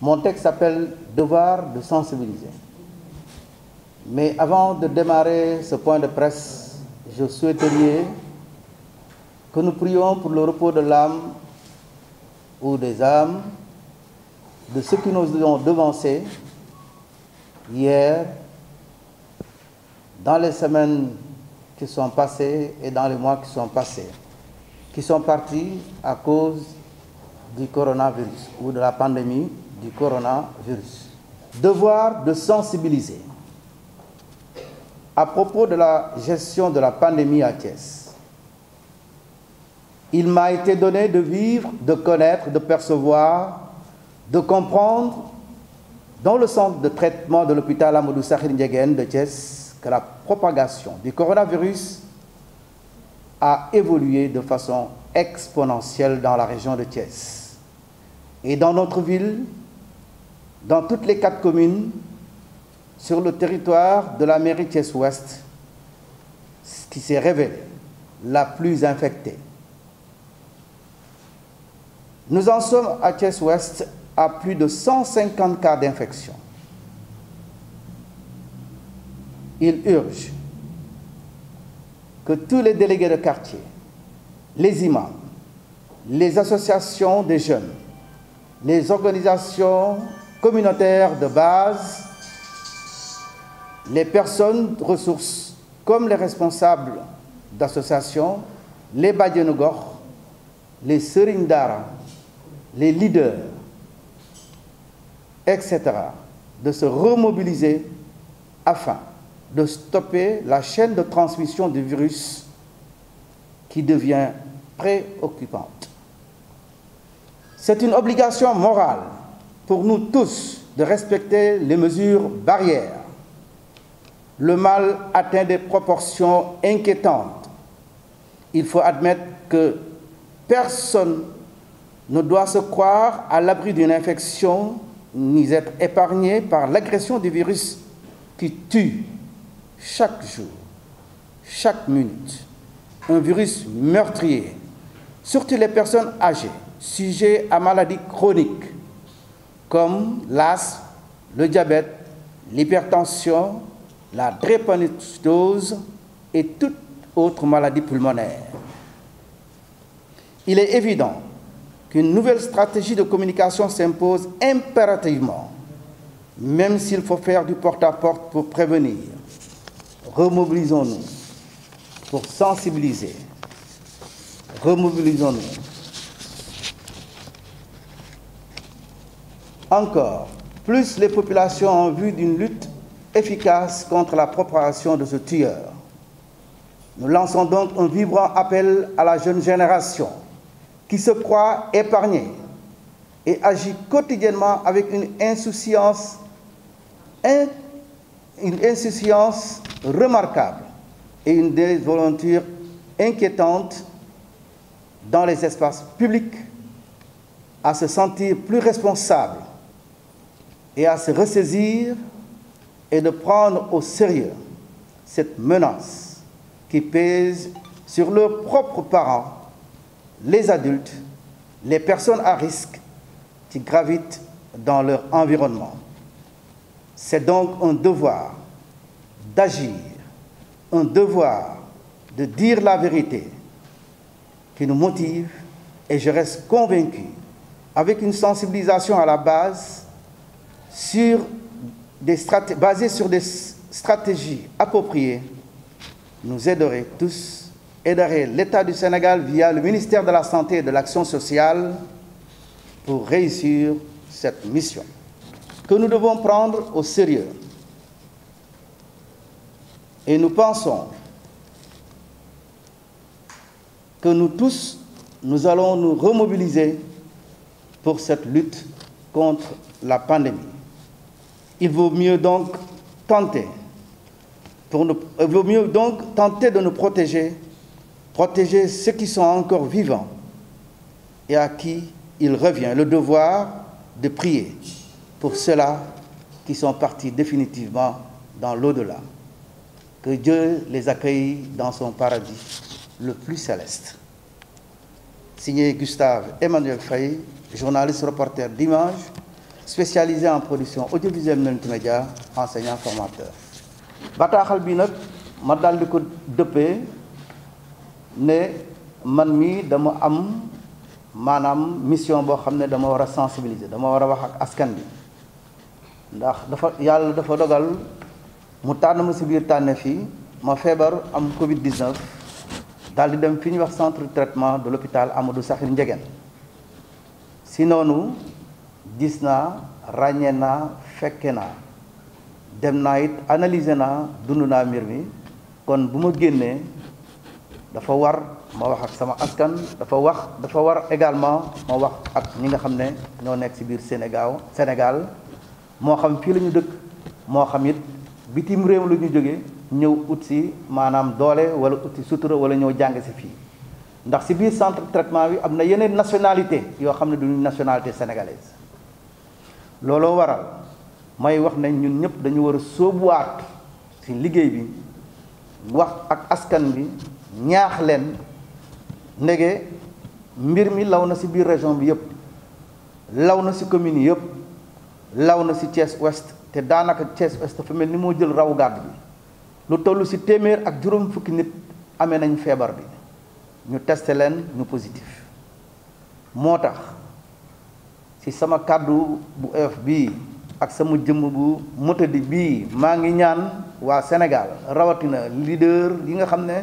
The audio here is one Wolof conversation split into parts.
Mon texte s'appelle Devoir de sensibiliser. Mais avant de démarrer ce point de presse, je souhaiterais que nous prions pour le repos de l'âme ou des âmes de ceux qui nous ont devancés hier, dans les semaines qui sont passées et dans les mois qui sont passés, qui sont partis à cause du coronavirus ou de la pandémie du coronavirus. Devoir de sensibiliser à propos de la gestion de la pandémie à Thiès. Il m'a été donné de vivre, de connaître, de percevoir, de comprendre, dans le centre de traitement de l'hôpital Amadou Sakhir Ndiéguène de Thiès, que la propagation du coronavirus a évolué de façon exponentielle dans la région de Thiès et dans notre ville dans toutes les quatre communes sur le territoire de la mairie Thiès-Ouest, qui s'est révélée la plus infectée. Nous en sommes à Thiès-Ouest à plus de 150 cas d'infection. Il urge que tous les délégués de quartier, les imams, les associations des jeunes, les organisations communautaire de base, les personnes ressources, comme les responsables d'associations, les Badienogor, les Serindara, les leaders, etc., de se remobiliser afin de stopper la chaîne de transmission de virus qui devient préoccupante. C'est une obligation morale pour nous tous de respecter les mesures barrières. Le mal atteint des proportions inquiétantes. Il faut admettre que personne ne doit se croire à l'abri d'une infection ni être épargné par l'agression du virus qui tue chaque jour, chaque minute, un virus meurtrier, surtout les personnes âgées, sujets à maladies chroniques comme l'asthme, le diabète, l'hypertension, la drépanocytose et toute autre maladie pulmonaire. Il est évident qu'une nouvelle stratégie de communication s'impose impérativement, même s'il faut faire du porte à -porte pour prévenir. Remobilisons-nous pour sensibiliser. Remobilisons-nous encore plus les populations en vue d'une lutte efficace contre la propagation de ce tueur. Nous lançons donc un vibrant appel à la jeune génération qui se croit épargnée et agit quotidiennement avec une insouciance, une insouciance remarquable et une désinvolture inquiétante dans les espaces publics à se sentir plus responsable à se ressaisir et de prendre au sérieux cette menace qui pèse sur leurs propres parents, les adultes, les personnes à risque qui gravitent dans leur environnement. C'est donc un devoir d'agir, un devoir de dire la vérité qui nous motive et je reste convaincu, avec une sensibilisation à la base, sur des basée sur des stratégies appropriées nous aiderait tous, aiderait l'État du Sénégal via le ministère de la Santé et de l'Action sociale pour réussir cette mission que nous devons prendre au sérieux. Et nous pensons que nous tous, nous allons nous remobiliser pour cette lutte contre la pandémie. Il vaut mieux donc tenter, pour nous, il vaut mieux donc tenter de nous protéger, protéger ceux qui sont encore vivants et à qui il revient le devoir de prier pour ceux-là qui sont partis définitivement dans l'au-delà. Que Dieu les accueille dans son paradis le plus céleste. Signé Gustave Emmanuel Fay, journaliste reporter d'Images, spécialisé en production audiovisuelle multimédia enseignant formateur bataaxal bi nag ma di ko dëppee ne man mi dama am maanaam mission boo xam ne dama war a sensibiliser dama war a wax ak askan bi ndax dafa yàlla dafa dogal mu tànn ma si biir tànne fii ma feebar am Covid 19 daal di dem fi ñuy wax centre de traitement de l'hôpital Amadou Sakhir Ndiéguène si noonu gis naa ràññee naa fekke naa dem naa it analyser naa dund naa mbir mi kon bu ma génnee dafa war ma wax ak sama askan dafa wax dafa war également ma wax ak ñi nga xam ne ñoo nekk ci biir Sénégal Sénégal moo xam fii la ñu dëkk moo xam it bitim réew la ñu jóge ñëw ut si maanaam doole wala ut si sutura wala ñëw jàng si fii ndax si biir centre traitement wi am na yeneen nationalité yoo xam ne duñu nationalité sénégalaise looloo waral may wax nañ ñun ñëpp dañu war a sóobuwaat ci liggéey bi wax ak askan bi ñaax leen ndege mbir mi law na ci biir région bi yëpp law na ci commune yëpp law na ci Thiès Ouest te daanaka Thiès Ouest fa mel ni moo jël raw gàdd bi lu toll ci téeméer ak juróom fukki nit amee nañ feebar bi ñu testé leen ñu positif moo tax ci sama kàddu bu oyof bii ak sama jëmm bu motadi bii maa ngi ñaan waa Sénégal rawatina leader yi nga xam ne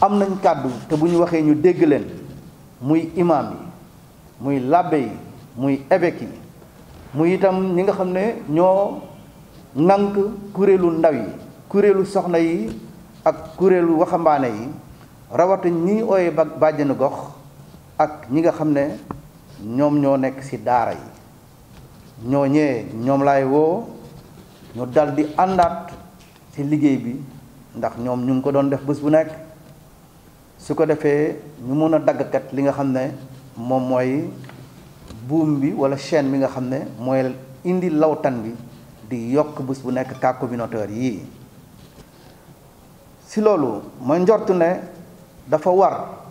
am nañ kàddu te bu ñu waxee ñu dégg leen muy imam yi muy làbbe yi muy évêque yi muy itam ñi nga xam ne ñoo nank kuréelu ndaw yi kuréelu soxna yi ak kuréelu waxambaane yi rawatina ñi ooye bàjjenu gox ak ñi nga xam ne ñoom ñoo nekk ci daara yi ñoo ñëwee ñoom laay woo ñu daldi àndaat ci liggéey bi ndax ñoom ñu ngi ko doon def bés bu nekk su ko defee ñu mën a daggkat li nga xam ne moom mooy buum bi wala chaîne bi nga xam ne mooy indi lawtan bi di yokk bés bu nekk cas communautaire yii si loolu ma njortu ne dafa war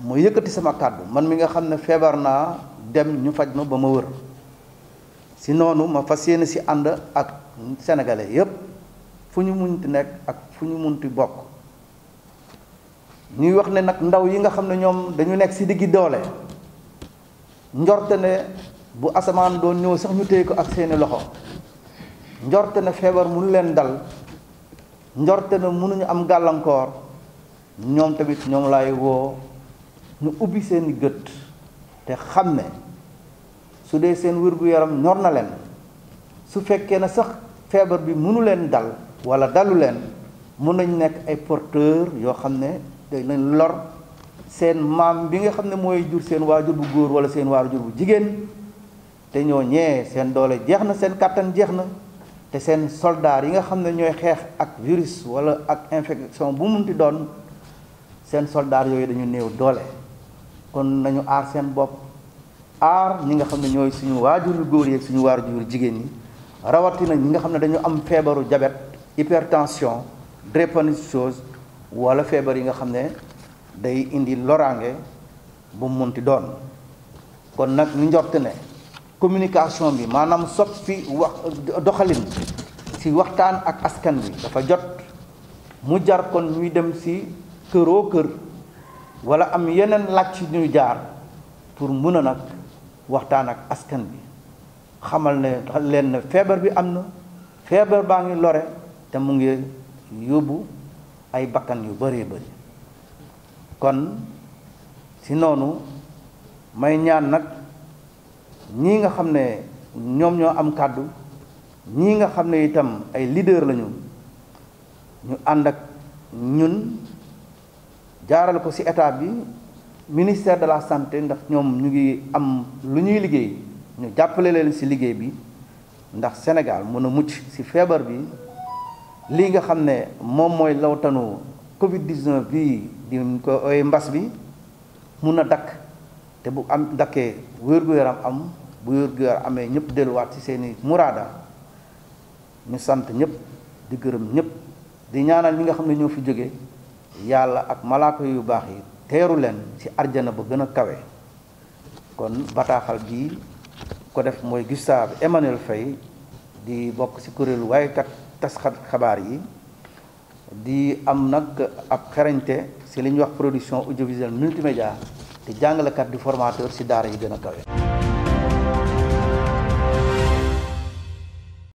mu yëkkati sama kàddu man mi nga xam ne feebar naa dem ñu faj ma ba ma wër si noonu ma fas yéene si ànd ak sénégalais yépp fu ñu munti nekk ak fu ñu munti bokk ñuy wax ne nag ndaw yi nga xam ne ñoom dañu nekk si diggi doole njorte ne bu asamaan doon ñëw sax ñu téye ko ak seeni loxo njorte ne feebar mënu leen dal njorte ne mënuñu am gàllankoor ñoom tamit ñoom lay woo ñu ubbi seen gët te xam ne su dee seen wér-gu-yaram ñor na leen su fekkee na sax feebar bi mënu leen dal wala dalu leen mën nañ nekk ay porteur yoo xam ne dañ leen lor seen maam bi nga xam ne mooy jur seen waajur bu góor wala seen waajur bu jigéen te ñoo ñee seen doole jeex na seen kàttan jeex na te seen soldaar yi nga xam ne ñooy xeex ak virus wala ak infection bu munti doon seen soldaar yooyu dañu néew doole kon nañu aar seen bopp aar ñi nga xam ne ñooy suñu waajur yu góor yi ak suñu waajur jigéen ñi rawatina ñi nga xam ne dañu am feebaru diabète hypertension drépanocytose wala feebar yi nga xam ne day indi loraange bu mu munti doon kon nag ñu njort ne communication bi maanaam soppi wax doxalin ci waxtaan ak askan bi dafa jot mu jar kon ñuy dem ci këroo kër wala am yeneen laaj ci ñu jaar pour mun a nag waxtaan ak askan bi xamal ne leen ne feebar bi am na feebar baa ngi lore te mu ngi yóbbu ay bakkan yu bëree bëri kon si noonu may ñaan nag ñi nga xam ne ñoom ñoo am kàddu ñii nga xam ne itam ay leader lañu ñu ànd ak ñun jaaral ko ci état bi ministère de la santé ndax ñoom ñu ngi am lu ñuy liggéey ñu jàppale leen ci liggéey bi ndax Sénégal mun a mucc ci feebar bi lii nga xam ne moom mooy lawtanu Covid 19 bii di ko ooy mbas bi mun a dakk te bu am dakkee wér-gu-yaram am bu wér-gu-yaram amee ñëpp delluwaat ci seeni muraada ñu sant ñëpp di gërëm ñëpp di ñaanal ñi nga xam ne ñoo fi jóge yàlla ak malaaka yu baax yi teeru leen ci arjana ba gën a kawe kon bataaxal gi ko def mooy Gustave Emmanuel Faye di bokk ci kuréelu waaye kat tas xabaar yi di am nag ab xarañte ci li ñuy wax production audiovisuelle multimédia te jàngalekat di formateur ci daara yi gën a kawe